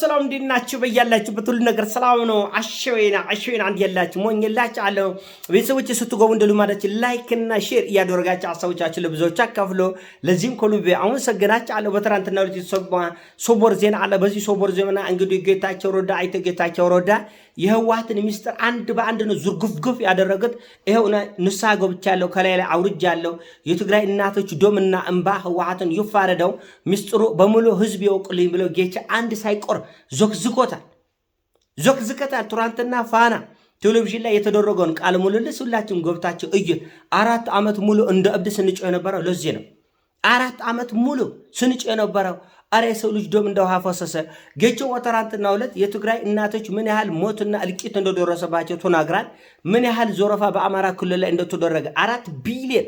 ሰላም እንዴት ናችሁ? በያላችሁበት ሁሉ ነገር ሰላም ነው። አሸወይና አሸወይና አንድ ያላችሁ ሞኝላችሁ አለ ቤተሰቦች ስትገቡ እንደሉ ማለት ላይክ እና ሼር እያደረጋችሁ ሀሳቦቻችሁ ለብዙዎች አካፍሎ ለዚህም ከሉ አሁን አመሰግናችሁ አለ። በትናንትናው ዕለት ሶበር ዜና አለ። በዚህ ሶቦር ዜና እንግዲህ ጌታቸው ሮዳ አይተ ጌታቸው ሮዳ የህወሓትን ሚስጥር አንድ በአንድ ነው ዝርግፍግፍ ያደረገት። ይኸው ንስሐ ገብቻለሁ፣ ከላይ ላይ አውርጃለሁ። የትግራይ እናቶች ደምና እንባ ህወሓትን ይፋረደው፣ ሚስጥሩ በሙሉ ህዝብ ይወቅልኝ ብሎ ጌቻ አንድ ሳይቆር ዞክዝኮታል፣ ዞክዝከታል። ቱራንትና ፋና ቴሌቪዥን ላይ የተደረገውን ቃለ ምልልስ ሁላችሁም ገብታችሁ እዩት። አራት ዓመት ሙሉ እንደ እብድ ስንጮ የነበረው ለዚህ ነው። አራት ዓመት ሙሉ ስንጮ የነበረው አረ የሰው ልጅ ደም እንደ ውሃ ፈሰሰ። ጌቾ በትናንትና ሁለት የትግራይ እናቶች ምን ያህል ሞትና እልቂት እንደደረሰባቸው ተናግራል። ምን ያህል ዞረፋ በአማራ ክልል ላይ እንደተደረገ አራት ቢሊየን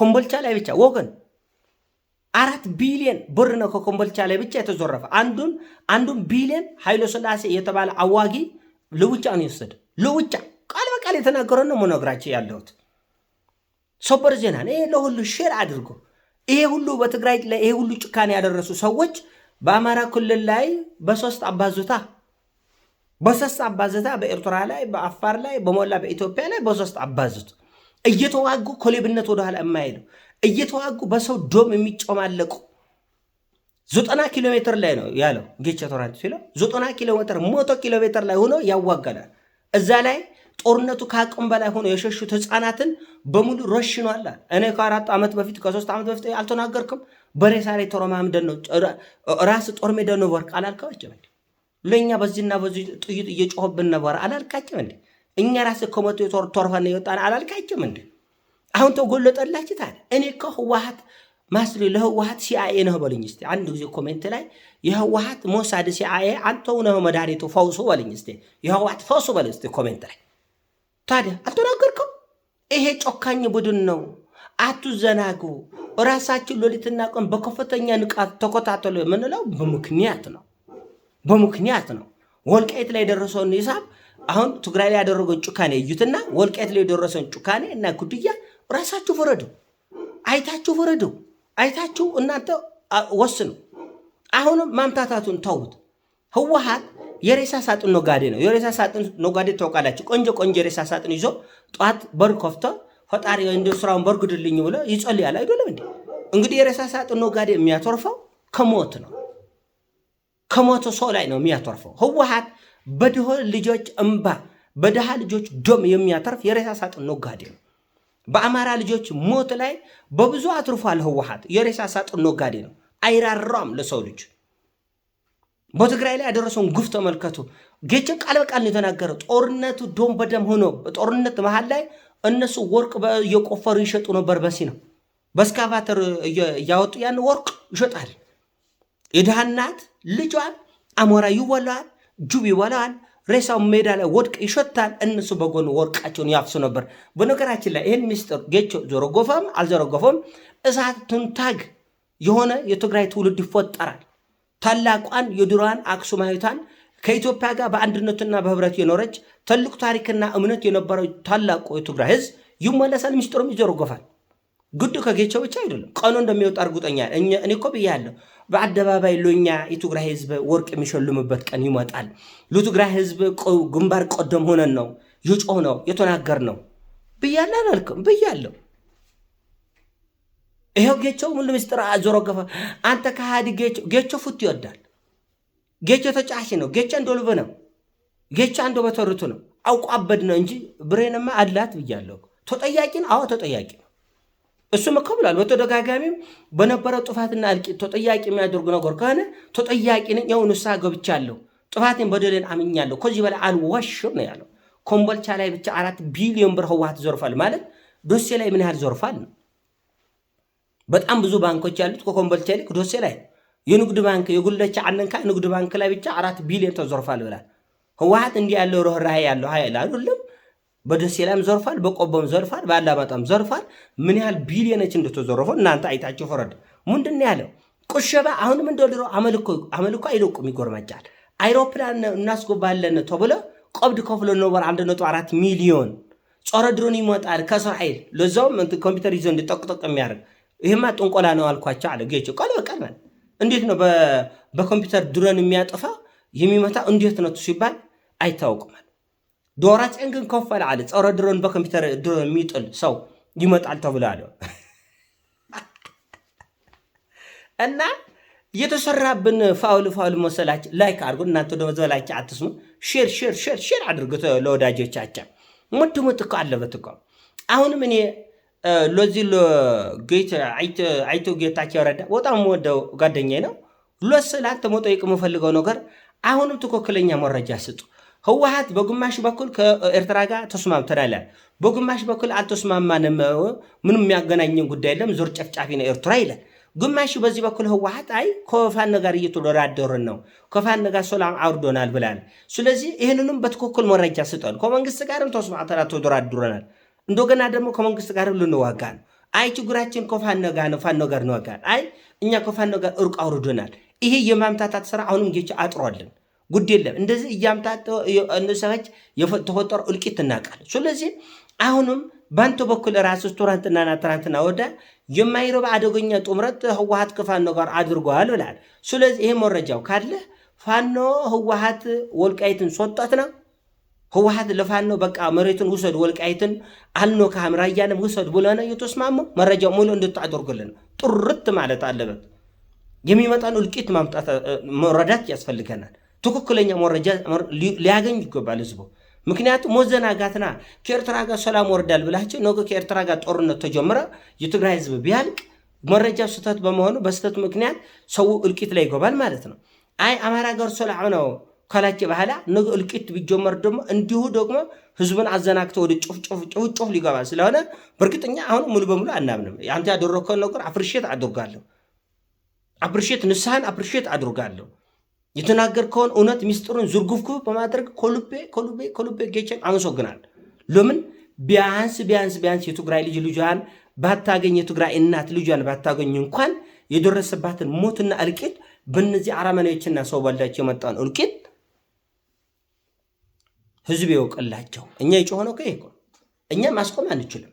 ኮምቦልቻ ላይ ብቻ ወገን አራት ቢሊየን ብር ነው ከኮምቦልቻ ላይ ብቻ የተዘረፈ። አንዱን አንዱን ቢሊየን ኃይለ ሥላሴ የተባለ አዋጊ ልውጫ ነው የወሰደ። ልውጫ ቃል በቃል የተናገረ ነው መኖግራቸው ያለሁት ሰበር ዜና ይሄ ለሁሉ ሼር አድርገው ይሄ ሁሉ በትግራይ ላይ ይሄ ሁሉ ጭካኔ ያደረሱ ሰዎች በአማራ ክልል ላይ በሶስት አባዙታ በሶስት አባዝታ በኤርትራ ላይ በአፋር ላይ በሞላ በኢትዮጵያ ላይ በሶስት አባዙት እየተዋጉ ኮሌብነት ወደኋላ የማይሄዱ እየተዋጉ በሰው ዶም የሚጨማለቁ ዘጠና ኪሎ ሜትር ላይ ነው ያለው ጌቸ ቶራንት ሲለው ዘጠና ኪሎ ሜትር ሞቶ ኪሎ ሜትር ላይ ሆኖ ያዋጋናል እዛ ላይ ጦርነቱ ከአቅም በላይ ሆኖ የሸሹት ህፃናትን በሙሉ ረሽኗል። እኔ ከአራት ዓመት በፊት ከሶስት ዓመት በፊት አልተናገርክም? በሬሳ ላይ ተረማምደን ነው ራስ ጦር ሜዳ ነው ወርቅ አላልካቸው እንዴ? ለእኛ በዚህና በዚህ ጥይት እየጮኸብን ነበር አላልካቸው እንዴ? እኛ ራስ ከመቶ ተርፈን የወጣን አላልካቸው እንዴ? አሁን ተጎለጠላችሁ ታዲያ። እኔ ከህወሀት ማስሊ ለህወሀት ሲአኤ ነህ በልኝ እስቲ አንድ ጊዜ ኮሜንት ላይ የህወሀት ሞሳድ ሲአኤ አንተው ነህ መድኃኒቱ ፈውሱ በልኝ እስቲ የህወሀት ፈውሱ በልኝ እስቲ ኮሜንት ላይ ታዲያ አልተናገርከው? ይሄ ጮካኝ ቡድን ነው። አትዘናጉ። ራሳችን ሎሊትና ቀን በከፍተኛ ንቃት ተከታተሉ የምንለው በምክንያት ነው። በምክንያት ነው። ወልቃይት ላይ የደረሰውን ሂሳብ አሁን ትግራይ ላይ ያደረገውን ጭካኔ እዩትና ወልቃይት ላይ የደረሰውን ጭካኔ እና ጉድያ ራሳችሁ ፍረዱ። አይታችሁ ፍረዱ። አይታችሁ እናንተ ወስኑ። አሁንም ማምታታቱን ተውት። ህወሓት የሬሳ ሳጥን ነጋዴ ነው። የሬሳ ሳጥን ነጋዴ ታውቃላችሁ። ቆንጆ ቆንጆ የሬሳ ሳጥን ይዞ ጠዋት በር ከፍቶ ፈጣሪ እንደ ስራውን በርግድልኝ ብሎ ይጸልያል አይደለም እንዴ? እንግዲህ የሬሳ ሳጥን ነጋዴ የሚያተርፈው ከሞት ነው። ከሞተ ሰው ላይ ነው የሚያተርፈው። ህወሓት በድሆ ልጆች እምባ፣ በድሃ ልጆች ደም የሚያተርፍ የሬሳ ሳጥን ነጋዴ ነው። በአማራ ልጆች ሞት ላይ በብዙ አትርፏል ህወሓት። የሬሳ ሳጥን ነጋዴ ነው። አይራራም ለሰው ልጅ በትግራይ ላይ ያደረሰውን ግፍ ተመልከቱ። ጌችን ቃል በቃል ነው የተናገረው። ጦርነቱ ዶም በደም ሆኖ ጦርነት መሀል ላይ እነሱ ወርቅ እየቆፈሩ ይሸጡ ነበር። በሲ ነው በስካቫተር እያወጡ ያን ወርቅ ይሸጣል። የድሃ እናት ልጇን አሞራ ይወላዋል፣ ጁብ ይወላዋል፣ ሬሳው ሜዳ ላይ ወድቅ ይሸታል። እነሱ በጎን ወርቃቸውን ያፍሱ ነበር። በነገራችን ላይ ይህን ሚስጥር ጌቾ ዘረጎፈም አልዘረጎፈም እሳት ትንታግ የሆነ የትግራይ ትውልድ ይፈጠራል። ታላቋን የድሯን አክሱማዊቷን ከኢትዮጵያ ጋር በአንድነትና በህብረት የኖረች ትልቅ ታሪክና እምነት የነበረው ታላቁ የትግራይ ህዝብ ይመለሳል፣ ሚስጥሩም ይዘረገፋል። ግዱ ከጌቸው ብቻ አይደለም፣ ቀኑ እንደሚወጣ እርግጠኛ። እኔ እኮ ብያለሁ፣ በአደባባይ ሎኛ የትግራይ ህዝብ ወርቅ የሚሸልምበት ቀን ይመጣል። ለትግራይ ህዝብ ግንባር ቀደም ሆነን ነው የጮህ ነው የተናገር ነው ብያለሁ፣ አላልክም? ብያለሁ። ይሄው ጌቸው ምን ምስጢር ገፈ። አንተ ከሃዲ ጌቾ ጌቾ ፉት ይወዳል። ጌቾ ተጫሽ ነው። ጌቻ እንደልብ ነው። ጌቾ አንዶ በተርቱ ነው። አውቆ አበድ ነው እንጂ ብሬንማ አላት ብያለሁ። ተጠያቂ ነው። አዎ ተጠያቂ ነው። እሱም እኮ ብሏል በተደጋጋሚም በነበረው ጥፋትና እልቂት ተጠያቂ የሚያደርጉ ነገር ከሆነ ተጠያቂ ነኝ። ያው ንስሐ ገብቻለሁ፣ ጥፋቴን በደሌን አምኛለሁ፣ ከዚህ በላይ አልዋሽም ነው ያለው። ኮምቦልቻ ላይ ብቻ አራት ቢሊዮን ብር ህወሓት ዘርፏል ማለት ዶሴ ላይ ምን ያህል ዘርፏል ነው በጣም ብዙ ባንኮች ያሉት ከኮምቦልቻ ይልቅ ዶሴ ላይ የንግድ ባንክ የጉለቻ አለንካ ንግድ ባንክ ላይ ብቻ አራት ቢሊዮን ተዘርፏል ብላል። ህወሓት እንዲህ ያለው ርኅራኄ ያለው ኃይል አይደለም። በደሴ ላይም ዘርፏል፣ በቆቦም ዘርፏል፣ በአላማጣም ዘርፏል። ምን ያህል ቢሊዮኖች እንደተዘረፈ እናንተ አይታችሁ ፈረድ ምንድን ያለው ቁሸባ አሁንም እንደ ድሮ አመልኮ አይለቁም። ይጎርመጫል። አይሮፕላን እናስጎባለን ተብሎ ቆብድ ከፍሎ ነበር አንድ ነጥብ አራት ሚሊዮን ጸረ ድሮን ይመጣል ከእስራኤል ለዛውም ኮምፒውተር ይዞ እንዲጠቅጠቅ የሚያደርግ ይህማ ጥንቆላ ነው አልኳቸው አለ ጌቾ ቃል በቃል ማለት እንዴት ነው በኮምፒውተር ድሮን የሚያጠፋ የሚመታ እንዴት ነው ሲባል አይታወቅም አለ ዶራፅን ግን ከፈለ አለ ፀረ ድሮን በኮምፒውተር ድሮን የሚጥል ሰው ይመጣል ተብሎ አለ እና የተሰራብን ፋውል ፋውል መሰላች ላይክ አድርጉ እናንተ ደግሞ ዘላችሁ አትስሙ ሼር ሼር ሼር ሼር አድርጉ ለወዳጆቻቸው ሙድ ሙድ እኮ አለበት እኮ አሁንም እኔ ለዚህ ጌታ አይቶ ጌታቸው ረዳ በጣም ወደው ጓደኛ ነው። ሎስ ለአንተ መጠየቅ የምፈልገው ነገር አሁንም ትክክለኛ መረጃ ስጡ። ህወሓት በግማሽ በኩል ከኤርትራ ጋር ተስማምተናል፣ በግማሽ በኩል አልተስማማንም፣ ምንም የሚያገናኘን ጉዳይ የለም፣ ዞር ጨፍጫፊ ነው ኤርትራ ይለ ግማሽ በዚህ በኩል ህወሓት አይ ከፋኖ ጋር እየተደራደርን ነው፣ ከፋኖ ጋር ሰላም አውርዶናል ብላል። ስለዚህ ይህንንም በትክክል መረጃ ስጠን፣ ከመንግስት ጋርም ተስማምተናል፣ ተደራድረናል እንደገና ደግሞ ከመንግስት ጋር ልንዋጋ ነው። አይ ችግራችን ከፋኖ ጋር ነው፣ ፋኖ ጋር እንዋጋለን። አይ እኛ ከፋኖ ጋር እርቅ አውርዶናል። ይሄ የማምታታት ስራ አሁንም ጌቻ አጥሯልን። ጉድ የለም እንደዚህ እያምታተ ሰዎች ተፈጠሩ እልቂት እናውቃል። ስለዚህ አሁንም በአንተ በኩል ራስ ትናንትናና ትራንትና ወደ የማይረባ አደገኛ ጡምረት ህወሀት ከፋኖ ጋር አድርገዋል ብላል። ስለዚህ ይሄ መረጃው ካለ ፋኖ ህወሀት ወልቃይትን ሰጧት ነው ህወሓት ለፋኖ በቃ መሬቱን ውሰድ ወልቃይትን አልኖ ካም ራያንም ውሰድ ብለነ የተስማሙ መረጃው ሙሉ እንድታደርጉልን ጥርት ማለት አለበት። የሚመጣን እልቂት መረዳት ያስፈልገናል። ትክክለኛ መረጃ ሊያገኝ ይገባል ህዝቡ። ምክንያቱም መዘናጋትና ከኤርትራ ጋር ሰላም ወርዳል ብላቸው ነገ ከኤርትራ ጋር ጦርነት ተጀምረ የትግራይ ህዝብ ቢያልቅ መረጃ ስህተት በመሆኑ በስህተት ምክንያት ሰው እልቂት ላይ ይገባል ማለት ነው። አይ አማራ ጋር ሰላም ነው ከላች ባህላ ነገ እልቂት ቢጀመር ደግሞ እንዲሁ ደግሞ ህዝብን አዘናግተው ወደ ጭፍጭፍ ሊገባ ስለሆነ በእርግጠኛ አሁን ሙሉ በሙሉ አናምንም። አንተ ያደረግከውን ነገር አፕሪሼት አድርጋለሁ። አፕሪሼት ንስሐን አፕሪሼት አድርጋለሁ። የተናገርከውን እውነት ሚስጥሩን ዝርግፍኩፍ በማድረግ ኮልቤ ኮልቤ ኮልቤ ጌቸን አመሰግናል። ለምን ቢያንስ ቢያንስ ቢያንስ የትግራይ ልጅ ልጇን ባታገኝ የትግራይ እናት ልጇን ባታገኝ እንኳን የደረሰባትን ሞትና እልቂት በእነዚህ አረመኔዎችና ሰው በላች የመጣውን እልቂት ህዝብ ይወቅላቸው። እኛ የጮሆነው ከ እኛ ማስቆም አንችልም።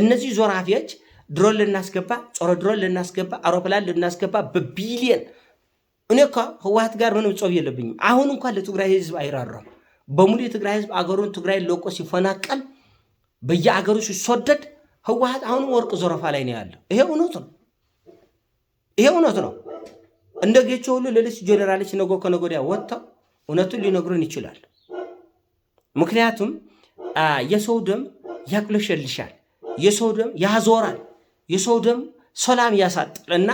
እነዚህ ዞራፊዎች ድሮን ልናስገባ፣ ጸረ ድሮን ልናስገባ፣ አውሮፕላን ልናስገባ በቢሊየን እኔ እኮ ጋር ምንም ጾብ የለብኝም። አሁን እንኳን ለትግራይ ህዝብ አይራራም። በሙሉ የትግራይ ህዝብ አገሩን ትግራይ ለቆ ሲፈናቀል በየአገሩ ሲሰደድ ህዋት አሁንም ወርቅ ዘረፋ ላይ ነው ያለው። ይሄ እውነት ነው። ይሄ እውነት ነው። እንደ ጌቾ ሁሉ ሌሎች ጄኔራሎች ነገ ከነገ ወዲያ ወጥተው እውነቱን ሊነግሩን ይችላል። ምክንያቱም የሰው ደም ያቅለሸልሻል፣ የሰው ደም ያዞራል፣ የሰው ደም ሰላም ያሳጥል እና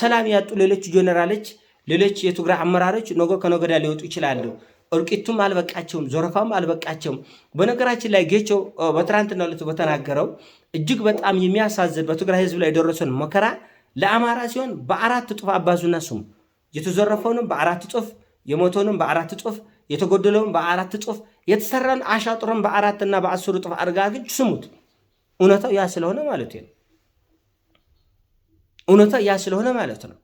ሰላም ያጡ ሌሎች ጀነራሎች፣ ሌሎች የትግራይ አመራሮች ነገ ከነገዳ ሊወጡ ይችላሉ። እርቂቱም አልበቃቸውም፣ ዘረፋም አልበቃቸውም። በነገራችን ላይ ጌቾ በትናንትና ዕለት በተናገረው እጅግ በጣም የሚያሳዝን በትግራይ ሕዝብ ላይ የደረሰን መከራ ለአማራ ሲሆን በአራት እጥፍ አባዙና ስሙ የተዘረፈውንም በአራት እጥፍ የሞተውንም በአራት እጥፍ የተጎደለውን በአራት እጥፍ የተሰራን አሻጥሮን በአራትና በአስሩ እጥፍ አድርጋግጅ ስሙት። እውነታው ያ ስለሆነ ማለት ነው። እውነታው ያ ስለሆነ ማለት ነው።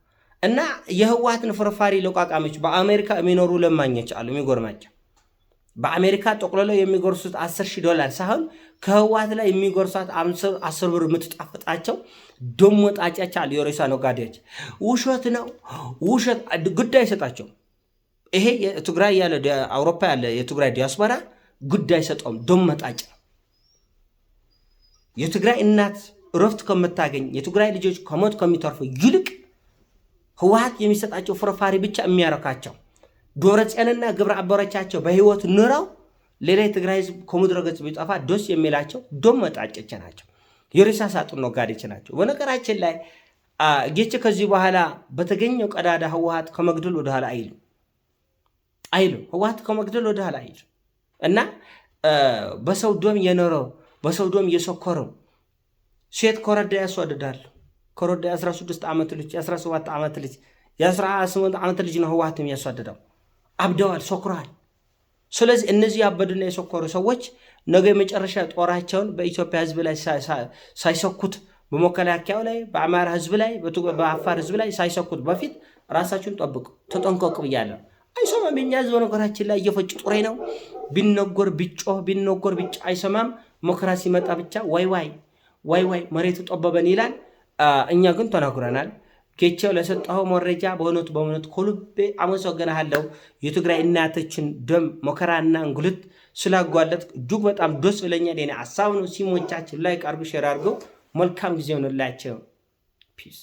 እና የህወሓትን ፍርፋሪ ለቋቃሚዎች በአሜሪካ የሚኖሩ ለማኞች አሉ። የሚጎርማቸው በአሜሪካ ጠቅልለው የሚጎርሱት 10 ሺህ ዶላር ሳይሆን ከህወሓት ላይ የሚጎርሷት አስር ብር የምትጣፍጣቸው ደሞ ጣጫቻ አሉ። የሬሳ ነጋዴዎች ውሸት ነው ውሸት ጉዳይ ይሰጣቸው ይሄ ትግራይ ያለ አውሮፓ ያለ የትግራይ ዲያስፖራ ጉዳይ ሰጠውም ዶም መጣጭ ነው። የትግራይ እናት እረፍት ከምታገኝ የትግራይ ልጆች ከሞት ከሚተርፉ ይልቅ ህወሀት የሚሰጣቸው ፍርፋሪ ብቻ የሚያረካቸው ዶረጽያንና ግብረ አበሮቻቸው በህይወት ኑረው ሌላ የትግራይ ህዝብ ከምድረ ቢጠፋ ደስ የሚላቸው ዶም ናቸው። የሬሳ ሳጥን ነጋዴች ናቸው። በነገራችን ላይ ጌቼ ከዚህ በኋላ በተገኘው ቀዳዳ ህወሀት ከመግደል ወደኋላ አይልም። አይልም። ህወሓት ከመግደል ወደ ኋላ አይልም እና በሰው ዶም የኖረው በሰው ዶም እየሰኮረው ሴት ኮረዳ ያስወድዳል። ኮረዳ የ16 ዓመት ልጅ የ17 ዓመት ልጅ የ18 ዓመት ልጅ ነው ህወሓት የሚያስወድደው። አብደዋል፣ ሶክረዋል። ስለዚህ እነዚህ ያበዱና የሰኮሩ ሰዎች ነገ የመጨረሻ ጦራቸውን በኢትዮጵያ ህዝብ ላይ ሳይሰኩት በመከላከያው ላይ በአማራ ህዝብ ላይ በአፋር ህዝብ ላይ ሳይሰኩት በፊት ራሳችሁን ጠብቁ፣ ተጠንቀቁ ብያለሁ። አይሰማም። የኛ ህዝብ ነገራችን ላይ እየፈጭ ጡሬ ነው። ቢነጎር ቢጮህ ቢነጎር ብቻ አይሰማም። ሞክራ ሲመጣ ብቻ ዋይ ዋይ ዋይ ዋይ መሬቱ ጠበበን ይላል። እኛ ግን ተናግረናል። ጌቸው ለሰጠኸው መረጃ በእውነቱ በእውነቱ ከልቤ አመሰግናለሁ። የትግራይ እናቶችን ደም መከራና እንግልት ስላጓለት እጅግ በጣም ደስ ብለኛል። ኔ ሀሳብ ነው። ሲሞቻችን ላይ ቀርቡ ሸር አድርገው መልካም ጊዜ ሆነላቸው። ፒስ